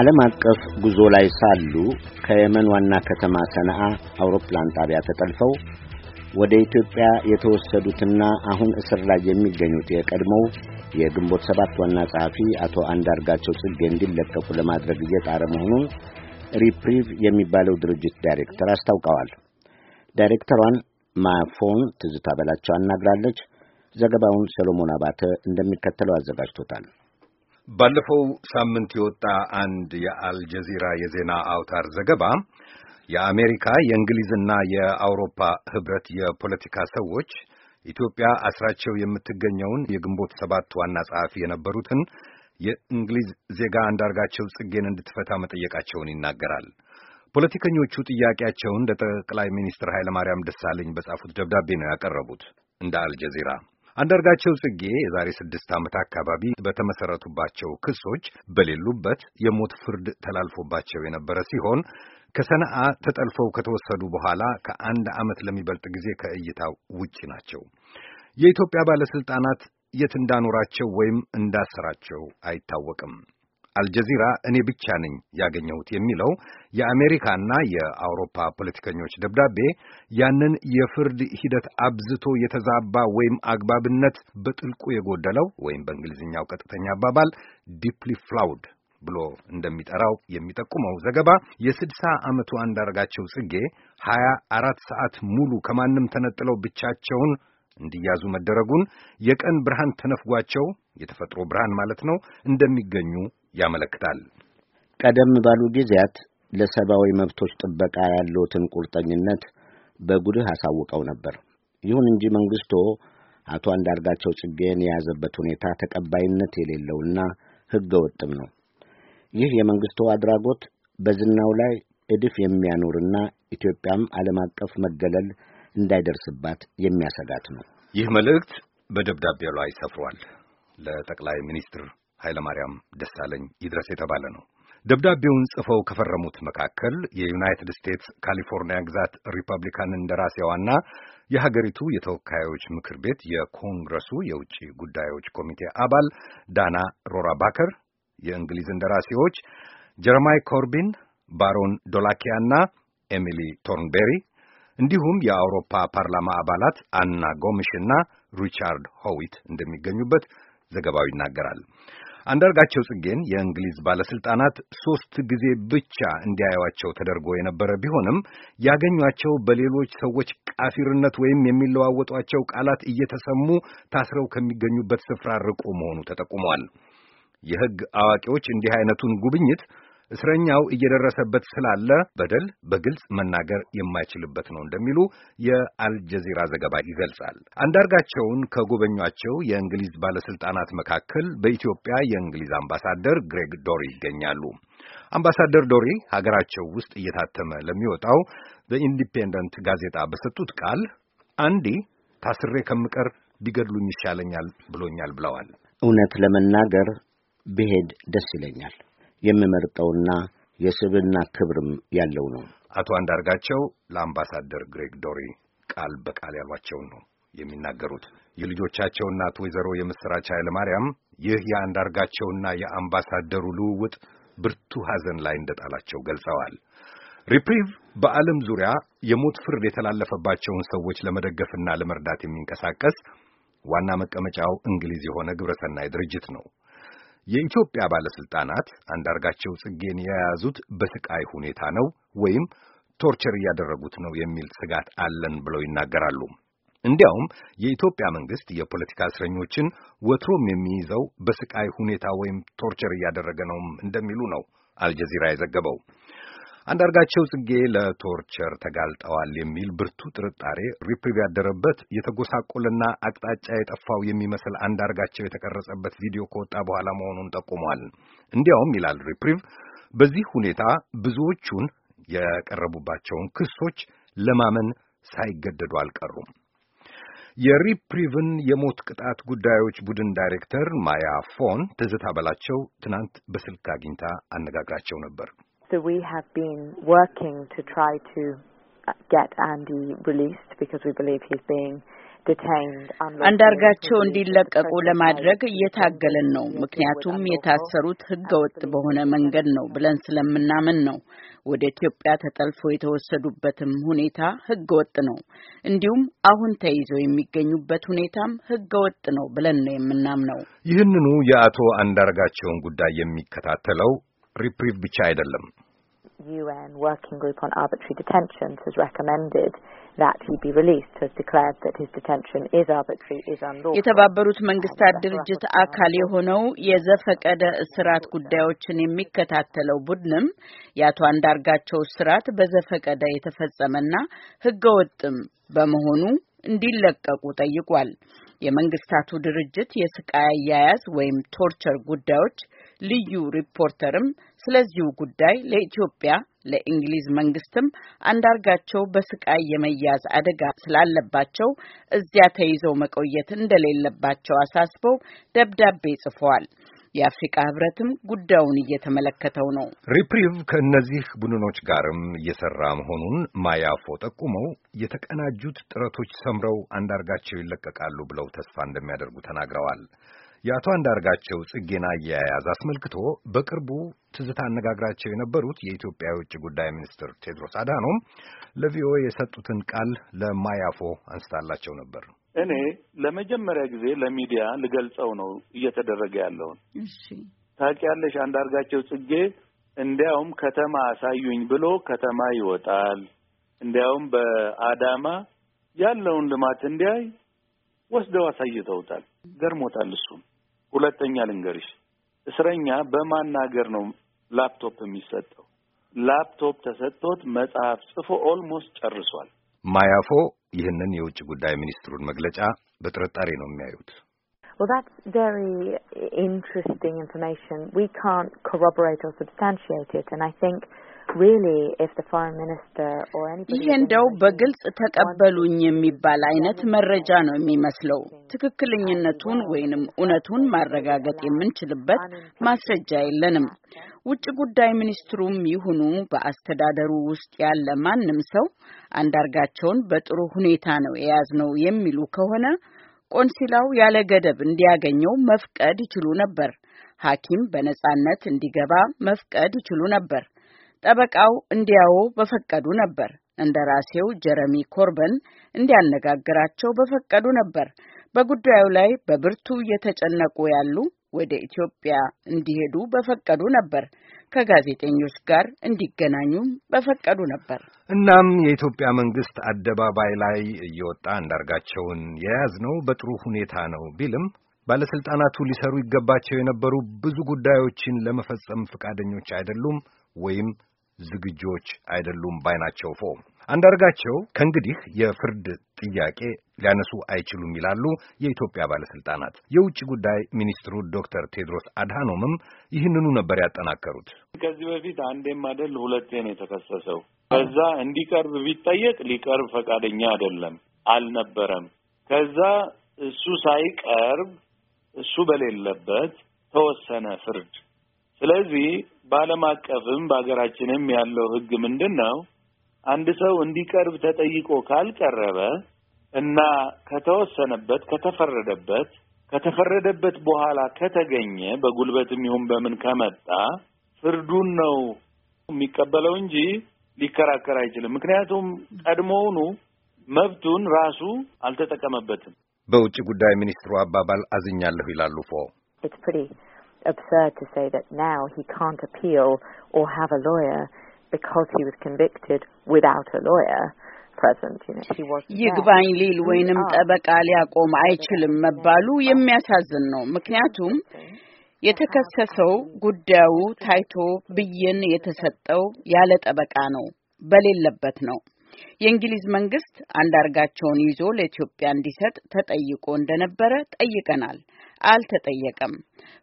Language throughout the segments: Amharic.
ዓለም አቀፍ ጉዞ ላይ ሳሉ ከየመን ዋና ከተማ ሰነአ አውሮፕላን ጣቢያ ተጠልፈው ወደ ኢትዮጵያ የተወሰዱትና አሁን እስር ላይ የሚገኙት የቀድሞው የግንቦት ሰባት ዋና ጸሐፊ አቶ አንዳርጋቸው ጽጌ እንዲለቀቁ ለማድረግ እየጣረ መሆኑን ሪፕሪቭ የሚባለው ድርጅት ዳይሬክተር አስታውቀዋል። ዳይሬክተሯን ማፎን ትዝታ በላቸው አናግራለች። ዘገባውን ሰሎሞን አባተ እንደሚከተለው አዘጋጅቶታል። ባለፈው ሳምንት የወጣ አንድ የአልጀዚራ የዜና አውታር ዘገባ የአሜሪካ የእንግሊዝና የአውሮፓ ህብረት የፖለቲካ ሰዎች ኢትዮጵያ አስራቸው የምትገኘውን የግንቦት ሰባት ዋና ጸሐፊ የነበሩትን የእንግሊዝ ዜጋ አንዳርጋቸው ጽጌን እንድትፈታ መጠየቃቸውን ይናገራል። ፖለቲከኞቹ ጥያቄያቸውን ለጠቅላይ ሚኒስትር ኃይለማርያም ደሳለኝ በጻፉት ደብዳቤ ነው ያቀረቡት። እንደ አልጀዚራ አንዳርጋቸው ጽጌ የዛሬ ስድስት ዓመት አካባቢ በተመሰረቱባቸው ክሶች በሌሉበት የሞት ፍርድ ተላልፎባቸው የነበረ ሲሆን ከሰነአ ተጠልፈው ከተወሰዱ በኋላ ከአንድ ዓመት ለሚበልጥ ጊዜ ከእይታው ውጪ ናቸው። የኢትዮጵያ ባለሥልጣናት የት እንዳኖራቸው ወይም እንዳሰራቸው አይታወቅም። አልጀዚራ እኔ ብቻ ነኝ ያገኘሁት የሚለው የአሜሪካና የአውሮፓ ፖለቲከኞች ደብዳቤ ያንን የፍርድ ሂደት አብዝቶ የተዛባ ወይም አግባብነት በጥልቁ የጎደለው ወይም በእንግሊዝኛው ቀጥተኛ አባባል ዲፕሊ ፍላውድ ብሎ እንደሚጠራው የሚጠቁመው ዘገባ የስድሳ ዓመቱ አንዳርጋቸው ጽጌ ሀያ አራት ሰዓት ሙሉ ከማንም ተነጥለው ብቻቸውን እንዲያዙ መደረጉን የቀን ብርሃን ተነፍጓቸው የተፈጥሮ ብርሃን ማለት ነው እንደሚገኙ ያመለክታል። ቀደም ባሉ ጊዜያት ለሰብአዊ መብቶች ጥበቃ ያለውትን ቁርጠኝነት በጉልህ አሳውቀው ነበር። ይሁን እንጂ መንግስቶ አቶ አንዳርጋቸው ጽጌን የያዘበት ሁኔታ ተቀባይነት የሌለውና ሕገ ወጥም ነው። ይህ የመንግስቶ አድራጎት በዝናው ላይ እድፍ የሚያኖርና ኢትዮጵያም ዓለም አቀፍ መገለል እንዳይደርስባት የሚያሰጋት ነው። ይህ መልእክት በደብዳቤው ላይ ሰፍሯል። ለጠቅላይ ሚኒስትር ኃይለማርያም ደሳለኝ ይድረስ የተባለ ነው። ደብዳቤውን ጽፈው ከፈረሙት መካከል የዩናይትድ ስቴትስ ካሊፎርኒያ ግዛት ሪፐብሊካን እንደራሴዋና የሀገሪቱ የተወካዮች ምክር ቤት የኮንግረሱ የውጭ ጉዳዮች ኮሚቴ አባል ዳና ሮራ ባከር፣ የእንግሊዝ እንደራሴዎች ጀረማይ ኮርቢን፣ ባሮን ዶላኪያና ኤሚሊ ቶርንቤሪ እንዲሁም የአውሮፓ ፓርላማ አባላት አና ጎምሽና ሪቻርድ ሆዊት እንደሚገኙበት ዘገባው ይናገራል። አንዳርጋቸው ጽጌን የእንግሊዝ ባለስልጣናት ሶስት ጊዜ ብቻ እንዲያዩዋቸው ተደርጎ የነበረ ቢሆንም ያገኟቸው በሌሎች ሰዎች ቃፊርነት ወይም የሚለዋወጧቸው ቃላት እየተሰሙ ታስረው ከሚገኙበት ስፍራ ርቆ መሆኑ ተጠቁሟል። የሕግ አዋቂዎች እንዲህ አይነቱን ጉብኝት እስረኛው እየደረሰበት ስላለ በደል በግልጽ መናገር የማይችልበት ነው እንደሚሉ የአልጀዚራ ዘገባ ይገልጻል። አንዳርጋቸውን ከጎበኟቸው የእንግሊዝ ባለስልጣናት መካከል በኢትዮጵያ የእንግሊዝ አምባሳደር ግሬግ ዶሪ ይገኛሉ። አምባሳደር ዶሪ ሀገራቸው ውስጥ እየታተመ ለሚወጣው በኢንዲፔንደንት ጋዜጣ በሰጡት ቃል አንዴ ታስሬ ከምቀር ቢገድሉኝ ይሻለኛል ብሎኛል ብለዋል። እውነት ለመናገር ብሄድ ደስ ይለኛል። የምመርጠውና የስብና ክብርም ያለው ነው። አቶ አንዳርጋቸው ለአምባሳደር ግሬግ ዶሪ ቃል በቃል ያሏቸውን ነው የሚናገሩት። የልጆቻቸው እናት ወይዘሮ የምስራች ኃይለማርያም ይህ የአንዳርጋቸውና የአምባሳደሩ ልውውጥ ብርቱ ሐዘን ላይ እንደጣላቸው ገልጸዋል። ሪፕሪቭ በዓለም ዙሪያ የሞት ፍርድ የተላለፈባቸውን ሰዎች ለመደገፍና ለመርዳት የሚንቀሳቀስ ዋና መቀመጫው እንግሊዝ የሆነ ግብረሰናይ ድርጅት ነው። የኢትዮጵያ ባለስልጣናት አንዳርጋቸው ጽጌን የያዙት በስቃይ ሁኔታ ነው ወይም ቶርቸር እያደረጉት ነው የሚል ስጋት አለን ብለው ይናገራሉ። እንዲያውም የኢትዮጵያ መንግስት የፖለቲካ እስረኞችን ወትሮም የሚይዘው በስቃይ ሁኔታ ወይም ቶርቸር እያደረገ ነውም እንደሚሉ ነው አልጀዚራ የዘገበው። አንዳርጋቸው ጽጌ ለቶርቸር ተጋልጠዋል የሚል ብርቱ ጥርጣሬ ሪፕሪቭ ያደረበት የተጎሳቆልና አቅጣጫ የጠፋው የሚመስል አንዳርጋቸው የተቀረጸበት ቪዲዮ ከወጣ በኋላ መሆኑን ጠቁሟል። እንዲያውም ይላል ሪፕሪቭ በዚህ ሁኔታ ብዙዎቹን የቀረቡባቸውን ክሶች ለማመን ሳይገደዱ አልቀሩም። የሪፕሪቭን የሞት ቅጣት ጉዳዮች ቡድን ዳይሬክተር ማያ ፎን ትዝታ በላቸው ትናንት በስልክ አግኝታ አነጋግራቸው ነበር። So we have been working to try to uh, get Andy released because we believe he's being አንዳርጋቸው እንዲለቀቁ ለማድረግ እየታገለን ነው። ምክንያቱም የታሰሩት ሕገወጥ በሆነ መንገድ ነው ብለን ስለምናምን ነው። ወደ ኢትዮጵያ ተጠልፎ የተወሰዱበትም ሁኔታ ሕገወጥ ነው። እንዲሁም አሁን ተይዘው የሚገኙበት ሁኔታም ሕገወጥ ነው ብለን ነው የምናምነው። ይህንኑ የአቶ አንዳርጋቸውን ጉዳይ የሚከታተለው ሪፕሪቭ ብቻ አይደለም። UN Working Group on Arbitrary Detentions has recommended that he be released, has declared that his detention is arbitrary, is unlawful. የተባበሩት መንግስታት ድርጅት አካል የሆነው የዘፈቀደ እስራት ጉዳዮችን የሚከታተለው ቡድንም የአቶ አንዳርጋቸው እስራት በዘፈቀደ የተፈጸመና ህገወጥም በመሆኑ እንዲለቀቁ ጠይቋል። የመንግስታቱ ድርጅት የስቃይ አያያዝ ወይም ቶርቸር ጉዳዮች ልዩ ሪፖርተርም ስለዚሁ ጉዳይ ለኢትዮጵያ ለእንግሊዝ መንግስትም አንዳርጋቸው በስቃይ የመያዝ አደጋ ስላለባቸው እዚያ ተይዘው መቆየት እንደሌለባቸው አሳስበው ደብዳቤ ጽፈዋል። የአፍሪካ ህብረትም ጉዳዩን እየተመለከተው ነው። ሪፕሪቭ ከእነዚህ ቡድኖች ጋርም እየሰራ መሆኑን ማያፎ ጠቁመው የተቀናጁት ጥረቶች ሰምረው አንዳርጋቸው ይለቀቃሉ ብለው ተስፋ እንደሚያደርጉ ተናግረዋል። የአቶ አንዳርጋቸው ጽጌን አያያዝ አስመልክቶ በቅርቡ ትዝታ አነጋግራቸው የነበሩት የኢትዮጵያ የውጭ ጉዳይ ሚኒስትር ቴድሮስ አድሃኖም ለቪኦኤ የሰጡትን ቃል ለማያፎ አንስታላቸው ነበር። እኔ ለመጀመሪያ ጊዜ ለሚዲያ ልገልጸው ነው እየተደረገ ያለውን። ታውቂያለሽ፣ አንዳርጋቸው ጽጌ እንዲያውም ከተማ አሳዩኝ ብሎ ከተማ ይወጣል። እንዲያውም በአዳማ ያለውን ልማት እንዲያይ ወስደው አሳይተውታል። ገርሞታል እሱም ሁለተኛ ልንገርሽ፣ እስረኛ በማናገር ነው ላፕቶፕ የሚሰጠው። ላፕቶፕ ተሰጥቶት መጽሐፍ ጽፎ ኦልሞስት ጨርሷል። ማያፎ ይህንን የውጭ ጉዳይ ሚኒስትሩን መግለጫ በጥርጣሬ ነው የሚያዩት። Well, that's very interesting information. We can't corroborate or substantiate it, and I think ይህ እንደው በግልጽ ተቀበሉኝ የሚባል አይነት መረጃ ነው የሚመስለው። ትክክለኝነቱን ወይንም እውነቱን ማረጋገጥ የምንችልበት ማስረጃ የለንም። ውጭ ጉዳይ ሚኒስትሩም ይሁኑ በአስተዳደሩ ውስጥ ያለ ማንም ሰው አንዳርጋቸውን በጥሩ ሁኔታ ነው የያዝነው የሚሉ ከሆነ ቆንሲላው ያለ ገደብ እንዲያገኘው መፍቀድ ይችሉ ነበር። ሐኪም በነጻነት እንዲገባ መፍቀድ ይችሉ ነበር። ጠበቃው እንዲያው በፈቀዱ ነበር። እንደራሴው ጀረሚ ኮርበን እንዲያነጋግራቸው በፈቀዱ ነበር። በጉዳዩ ላይ በብርቱ እየተጨነቁ ያሉ ወደ ኢትዮጵያ እንዲሄዱ በፈቀዱ ነበር። ከጋዜጠኞች ጋር እንዲገናኙ በፈቀዱ ነበር። እናም የኢትዮጵያ መንግስት አደባባይ ላይ እየወጣ አንዳርጋቸውን የያዝነው በጥሩ ሁኔታ ነው ቢልም ባለስልጣናቱ ሊሰሩ ይገባቸው የነበሩ ብዙ ጉዳዮችን ለመፈጸም ፈቃደኞች አይደሉም ወይም ዝግጆች አይደሉም ባይ ናቸው። ፎ አንዳርጋቸው ከእንግዲህ የፍርድ ጥያቄ ሊያነሱ አይችሉም ይላሉ የኢትዮጵያ ባለስልጣናት። የውጭ ጉዳይ ሚኒስትሩ ዶክተር ቴድሮስ አድሃኖምም ይህንኑ ነበር ያጠናከሩት። ከዚህ በፊት አንዴም አይደል ሁለቴ ነው የተከሰሰው። ከዛ እንዲቀርብ ቢጠየቅ ሊቀርብ ፈቃደኛ አይደለም፣ አልነበረም። ከዛ እሱ ሳይቀርብ እሱ በሌለበት ተወሰነ ፍርድ ስለዚህ በዓለም አቀፍም በሀገራችንም ያለው ህግ ምንድን ነው? አንድ ሰው እንዲቀርብ ተጠይቆ ካልቀረበ እና ከተወሰነበት፣ ከተፈረደበት ከተፈረደበት በኋላ ከተገኘ በጉልበትም ይሁን በምን ከመጣ ፍርዱን ነው የሚቀበለው እንጂ ሊከራከር አይችልም። ምክንያቱም ቀድሞውኑ መብቱን ራሱ አልተጠቀመበትም። በውጭ ጉዳይ ሚኒስትሩ አባባል አዝኛለሁ ይላሉ ፎ absurd to say that now he can't appeal or have a lawyer because he was convicted without a lawyer. ይግባኝ ሊል ወይንም ጠበቃ ሊያቆም አይችልም መባሉ የሚያሳዝን ነው። ምክንያቱም የተከሰሰው ጉዳዩ ታይቶ ብይን የተሰጠው ያለ ጠበቃ ነው፣ በሌለበት ነው። የእንግሊዝ መንግስት አንዳርጋቸውን ይዞ ለኢትዮጵያ እንዲሰጥ ተጠይቆ እንደነበረ ጠይቀናል። አልተጠየቀም።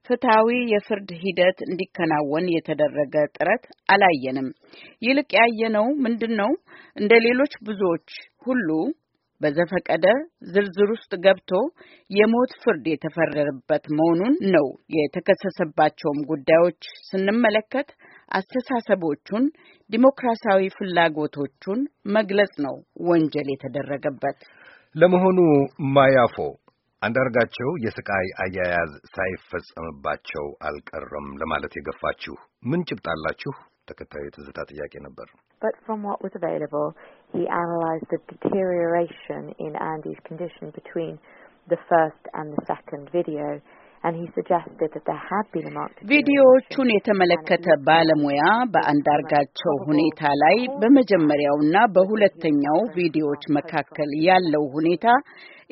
ፍትሐዊ የፍርድ ሂደት እንዲከናወን የተደረገ ጥረት አላየንም። ይልቅ ያየነው ምንድን ነው? እንደ ሌሎች ብዙዎች ሁሉ በዘፈቀደ ዝርዝር ውስጥ ገብቶ የሞት ፍርድ የተፈረደበት መሆኑን ነው። የተከሰሰባቸውም ጉዳዮች ስንመለከት አስተሳሰቦቹን፣ ዲሞክራሲያዊ ፍላጎቶቹን መግለጽ ነው ወንጀል የተደረገበት። ለመሆኑ ማያፎ አንዳርጋቸው የስቃይ አያያዝ ሳይፈጸምባቸው አልቀረም ለማለት የገፋችሁ ምን ጭብጥ አላችሁ? ተከታዩ የትዝታ ጥያቄ ነበር። But from what was available, he analyzed the deterioration in Andy's condition between the first and the second video. ቪዲዮዎቹን የተመለከተ ባለሙያ በአንዳርጋቸው ሁኔታ ላይ በመጀመሪያውና በሁለተኛው ቪዲዮዎች መካከል ያለው ሁኔታ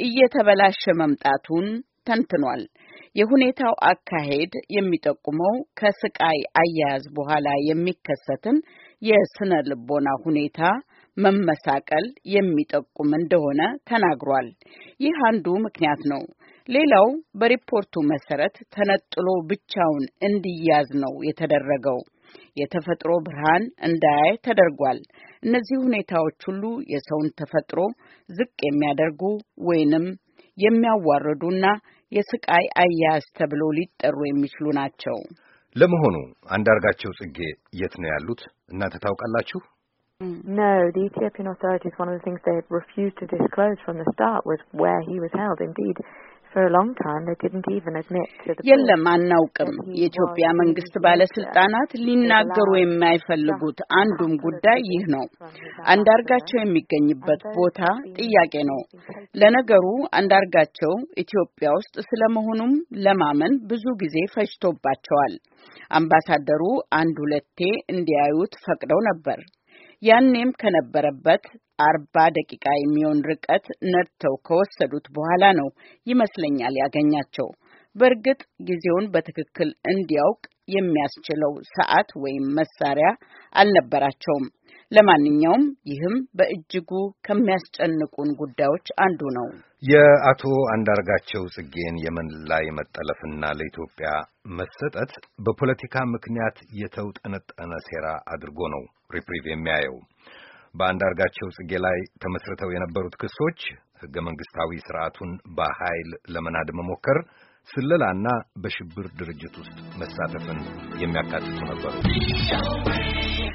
እየተበላሸ መምጣቱን ተንትኗል። የሁኔታው አካሄድ የሚጠቁመው ከስቃይ አያያዝ በኋላ የሚከሰትን የስነ ልቦና ሁኔታ መመሳቀል የሚጠቁም እንደሆነ ተናግሯል። ይህ አንዱ ምክንያት ነው። ሌላው በሪፖርቱ መሰረት ተነጥሎ ብቻውን እንዲያዝ ነው የተደረገው። የተፈጥሮ ብርሃን እንዳያይ ተደርጓል። እነዚህ ሁኔታዎች ሁሉ የሰውን ተፈጥሮ ዝቅ የሚያደርጉ ወይንም የሚያዋርዱና የስቃይ አያያዝ ተብሎ ሊጠሩ የሚችሉ ናቸው። ለመሆኑ አንዳርጋቸው ጽጌ የት ነው ያሉት? እናንተ ታውቃላችሁ? No, the Ethiopian authorities, one of the things they had refused to disclose from the start was where he was held. Indeed, የለም አናውቅም። የኢትዮጵያ መንግስት ባለስልጣናት ሊናገሩ የማይፈልጉት አንዱም ጉዳይ ይህ ነው። አንዳርጋቸው የሚገኝበት ቦታ ጥያቄ ነው። ለነገሩ አንዳርጋቸው ኢትዮጵያ ውስጥ ስለመሆኑም ለማመን ብዙ ጊዜ ፈጅቶባቸዋል። አምባሳደሩ አንድ ሁለቴ እንዲያዩት ፈቅደው ነበር። ያኔም ከነበረበት አርባ ደቂቃ የሚሆን ርቀት ነድተው ከወሰዱት በኋላ ነው ይመስለኛል ያገኛቸው። በእርግጥ ጊዜውን በትክክል እንዲያውቅ የሚያስችለው ሰዓት ወይም መሳሪያ አልነበራቸውም። ለማንኛውም ይህም በእጅጉ ከሚያስጨንቁን ጉዳዮች አንዱ ነው። የአቶ አንዳርጋቸው ጽጌን የመን ላይ መጠለፍና ለኢትዮጵያ መሰጠት በፖለቲካ ምክንያት የተውጠነጠነ ሴራ አድርጎ ነው ሪፕሪቭ የሚያየው። በአንዳርጋቸው ጽጌ ላይ ተመስርተው የነበሩት ክሶች ሕገ መንግሥታዊ ስርዓቱን በኃይል ለመናድ መሞከር፣ ስለላና በሽብር ድርጅት ውስጥ መሳተፍን የሚያካትቱ ነበሩ።